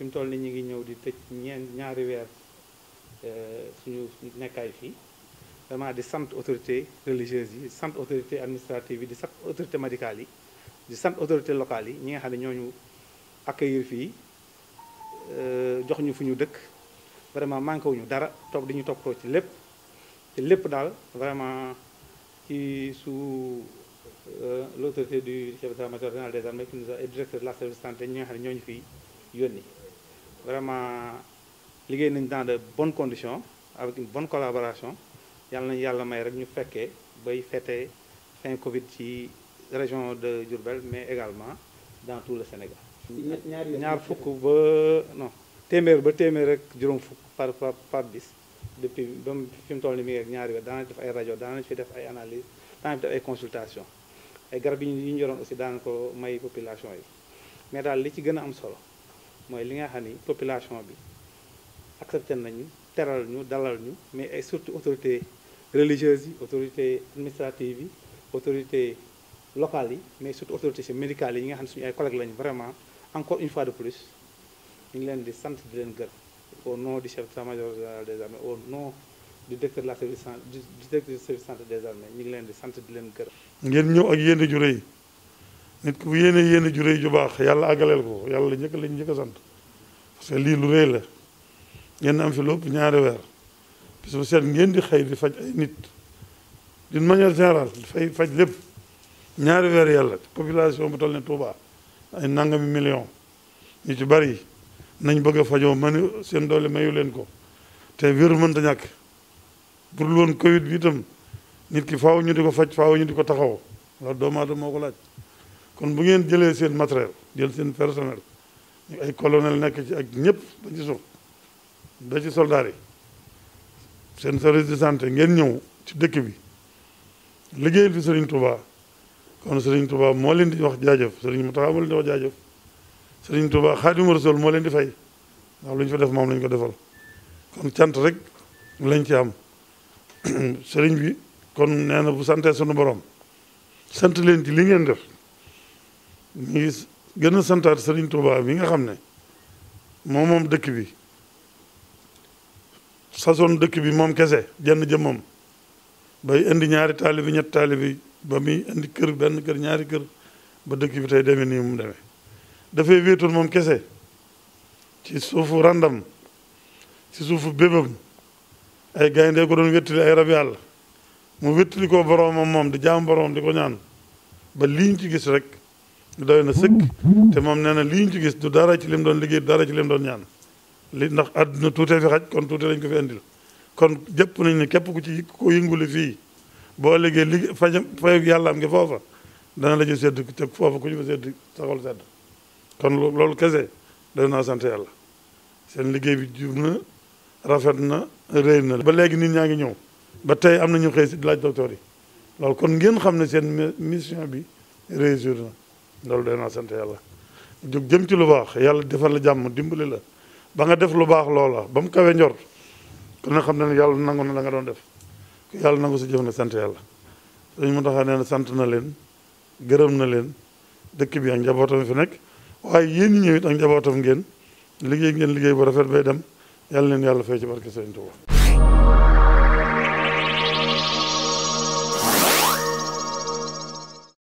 fi toll ni ñu ngi ñëw di tëj ñeen ñaari weer euh, suñu nekkaay fii vraiment di sant autorité religieuse yi sant autorité administrative yi di sant autorité médicale yi di sant autorité locale yi ñi nga xam ne ñooñu accueillir fii euh, jox ñu fu ñu dëkk vraiment manqué wuñu dara toog di ñu toppatoo ci lépp te lépp daal vraiment ci su euh, l'autorité du chef d'état-major général des armées a et directeur de la service santé ñi nga xam ne ñooñu fii yi vraiment liggéey nañ dans de bon condition avec une bonne collaboration yàlla nañu yàlla may rek ñu fekkee bay fêter fin Covid ci région de Diourbel mais également dans tout le Sénégal. ñaar fukk ba non téeméer ba téeméer rek juróom fukk par par par bis depuis ba fi mu toll nii mi ak ñaari weer daanañ def ay rajo daanañ def ay analyse daanañ def ay consultation ay garab yi ñu yoroon aussi daana ko may population yi mais daal li ci gën a am solo. mooy li nga xam ni population bi accepté nañu teral ñu dalal ñu mais ay surtout autorité religieuses yi autorité administratives yi autorités locales yi mais surtout autorités médicales yi nga xam ne suñu ay collègues lañu vraiment encore une fois de plus ñu ngi leen di sant di leen gër au nom du chef d'état-major des armées au nom di directeur de la service du directeur du service centre des armées ñu ngi leen di sant di leen gërëm. ngeen ñëw ak yéen ju rëy nit ki bu yéene yéene ju rëy ju baax yàlla àggaleel ko yàlla njëkk lañ njëkk a sant parce que lii lu rëy la ngeen am fi lépp ñaari weer bis bu ngeen di xëy di faj nit d'une manière générale faj lépp ñaari weer yàlla population bu toll ne Touba ay nangami million ñu ci bari nañ bëgg a fajoo manu seen doole mayu leen ko te wér mënta ñàkk pour woon Covid bi itam nit ki faaw ñu di ko faj faw ñu di ko taxaw loolu doomu moo ko laaj kon bu ngeen jëlee seen matériel jël seen personnel ay colonel nekk ci ak ñëpp ba ci suuf ci soldats yi seen service de santé ngeen ñëw ci dëkk bi liggéeyal fi Serigne Touba kon Serigne Touba moo leen di wax jaajëf Serigne Mountakha moo leen di wax jaajëf Serigne Touba Xaadimu Rasuul moo leen di fay ndax lu ñu fa def moom lañ ko defal kon cant rek lañ ci am Serigne bi kon nee na bu santee sunu borom sant leen ci li ngeen def. ñu ngi gën a santaat Serigne Touba bi nga xam ne moom moom dëkk bi sasoon dëkk bi moom kese jenn jëmmam bay indi ñaari taalibi ñett taalibi ba muy indi kër benn kër ñaari kër ba dëkk bi tey demee nii mu demee dafay wéetoon moom kese ci suufu randam ci suufu bébam ay gaynde ko doon wéttali ay rab yàlla mu wéttali ko boroomam moom di jaam boroom di ko ñaan ba liñ ci gis rek doy na sëkk te moom nee na lii ñu ci gis du dara ci leen doon liggéey du dara ci leen doon ñaan lii ndax àdduna tuutee fi xaj kon tuute lañ ko fi andil kon jëpp nañ ne képp ku ci ko yëngule fii boo liggéey liggéey fajam fayu yàlla am ngi foofa dana la ci sedd te foofa ku ñu fa sedd saxol sedd kon loolu kese doy na sant yàlla seen liggéey bi jub na rafet na réy na ba léegi nit ñaa ngi ñëw ba tey am na ñu xëy si laaj docteur yi loolu kon ngeen xam ne seen mission bi réussir na loolu de naa sant yàlla jóg jëm ci lu baax yàlla defal la jàmm dimbali la ba nga def lu baax loola ba mu kawe njort kon na xam ne yàlla nangu na la nga doon def yàlla nangu si jëf na sant yàlla sëñ Muntaxa nee na sant na leen gërëm na leen dëkk bi ak njabootam fi nekk waaye yéen ñi ñëw it ak njabootam ngeen liggéey ngeen liggéey bu rafet bay dem yàlla leen yàlla fay ci barke Sëñ Tuubaa